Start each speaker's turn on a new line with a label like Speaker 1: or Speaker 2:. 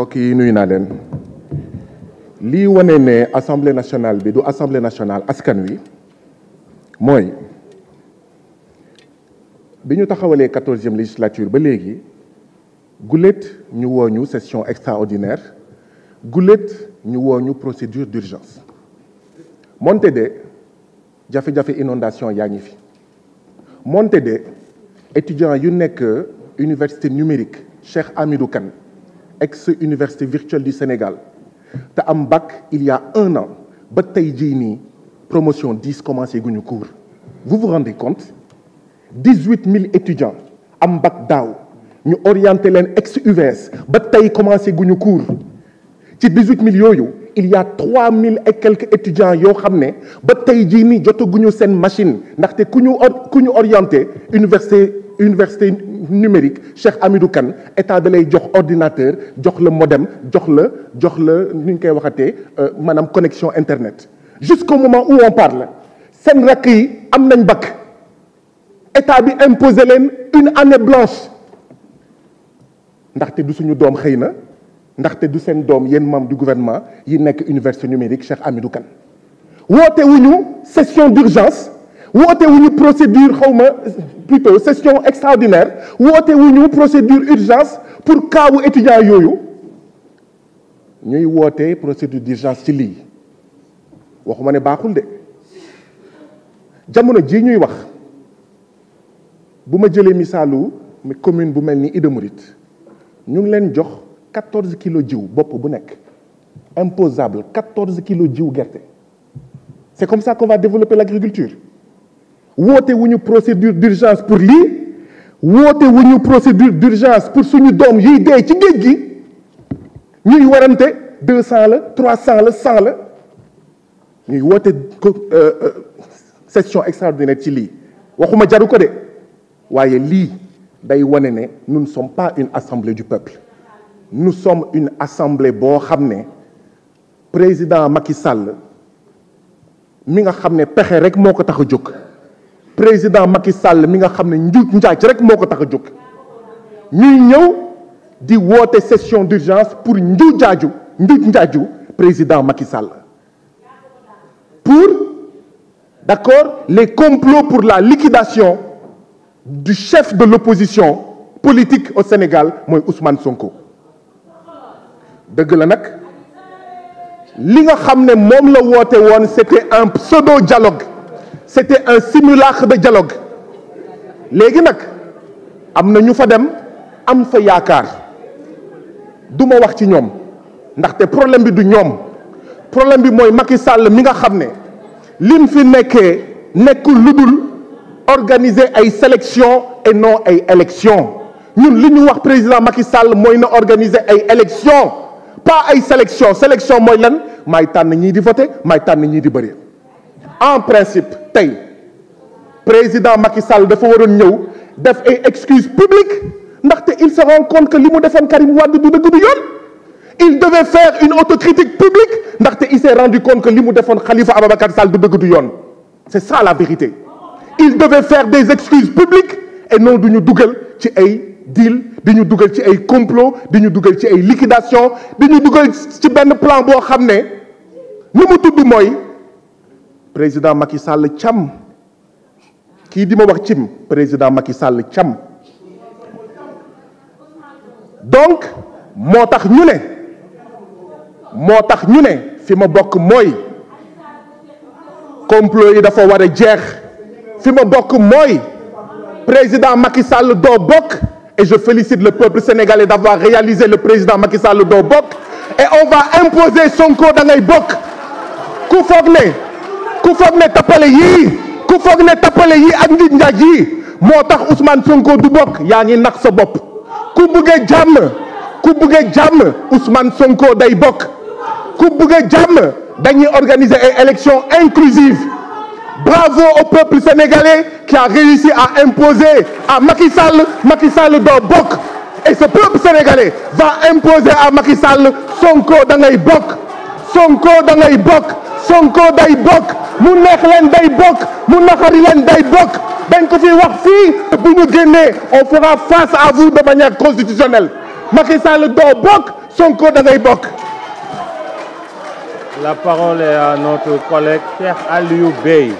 Speaker 1: Nous assemblée nationale bi assemblée nationale askan wi moy 14 législature ba ñu session extraordinaire gulet ñu procédure d'urgence moonte de jafé inondation fi étudiant yu université numérique Cheikh Amidou ex-université virtuelle du Sénégal am bac il y a un an ba promotion 10 commencé guñu cours vous vous rendez compte 18 000 étudiants am bac Dao, ñu orientons lex ex-UVS ba tey commencé guñu cours 18 000 yo il y a 3000 et quelques étudiants yo xamné ba tey jii nii jotaguñu sen machine ndax té kuñu kuñu orienter université université numérique Cheikh Amadou Kan, état da lay jox ordinateur jox le modem jox le jox le niñ ñu koy waxatee euh, connexion internet. jusqu'au moment où on parle sen rak yi am nañ bac état bi imposé len une année blanche té du suñu dom xeyna ndaxte du seen doom yéen membre du gouvernement yi nekk université numérique Cheikh Hamidou kan woote wuñu session d'urgence woote wuñu procédure xawma plutôt session extraordinaire woote wuñu procédure urgence pour kaawu étudiant yooyu ñuy woote procédure d'urgence ci lii waxuma ne baaxul de jamono ji ñuy wax bu ma jëlee misaalu commune bu mel ni Ida Mouride ñu ngi leen jox 14 kg bop imposable, 14 kg. de C'est comme ça qu'on va développer l'agriculture. Où est une procédure d'urgence pour lui Où est une procédure d'urgence pour son dom Il y a des Nous qui ont 200, 300, 100. Il y a une session extraordinaire nous ne sommes pas une assemblée du peuple nous sommes une assemblée bo xamné président Macky Sall mi nga xamné ne rek président Macky Sall mi nga xamné ne rek moko ko Nous di session d'urgence pour nous, président Macky Sall pour d'accord les complots pour la liquidation du chef de l'opposition politique au Sénégal Ousmane Sonko deug la nak li nga c'était un pseudo dialogue c'était un simulacre de dialogue nous. nak am dem am fa wax ci problème bi du ñom problème bi moy Macky Sall mi nga xamné lim fi nekkee nekkul luddul organiser ay sélection et non ay élection ñun li président Macky Sall na organiser élection pas ay sélection sélection mooy lan may ni de di voter, may ni de di en principe tay président Macky Sall dafa waron ñew def ay excuse publique ndaxte il se rend compte que limu mu Karim Wade du deug du yoon il devait faire une autocritique publique parce il s'est rendu compte que limu mu Khalifa Ababakar Sall du deug du yoon c'est ça la vérité il devait faire des excuses publiques et non duñu duggal ci ay deal di ñu dugal ci ay complot di ñu dugal ci ay liquidation di ñu dugal ci benn plan bo xamné ne ni mu tudd moy président Macky Sall cham ki di ma wax cim président Macky Sall cham donc motax ñu né motax ñu né fi ma bokk moy complot yi dafa wara jeex fi ma bokk moy président Macky Sall do bokk et je félicite le peuple sénégalais d'avoir réalisé le président Macky Sall Bok. et on va imposer son code ngay les Koufogne, Koufogne Koufogne, ku yi, Koufogne, yi yi, ku foog Ousmane Sonko du Bok, yaa ngi nax sa Koubouge ku Ousmane Sonko day Koubouge ku bëggee organiser une élections inclusives Bravo au peuple sénégalais qui a réussi à imposer à Macky Sall, Macky Sall dans Et ce peuple sénégalais va imposer à Macky Sall son code dans les Son corps dans les Son code dans les Mon len Bok. Mon Ben Kofi Wafi, pour nous gagner, on fera face à vous de manière constitutionnelle. Macky Sall dans Son code dans les La parole est à notre collègue Pierre Aliou Bey.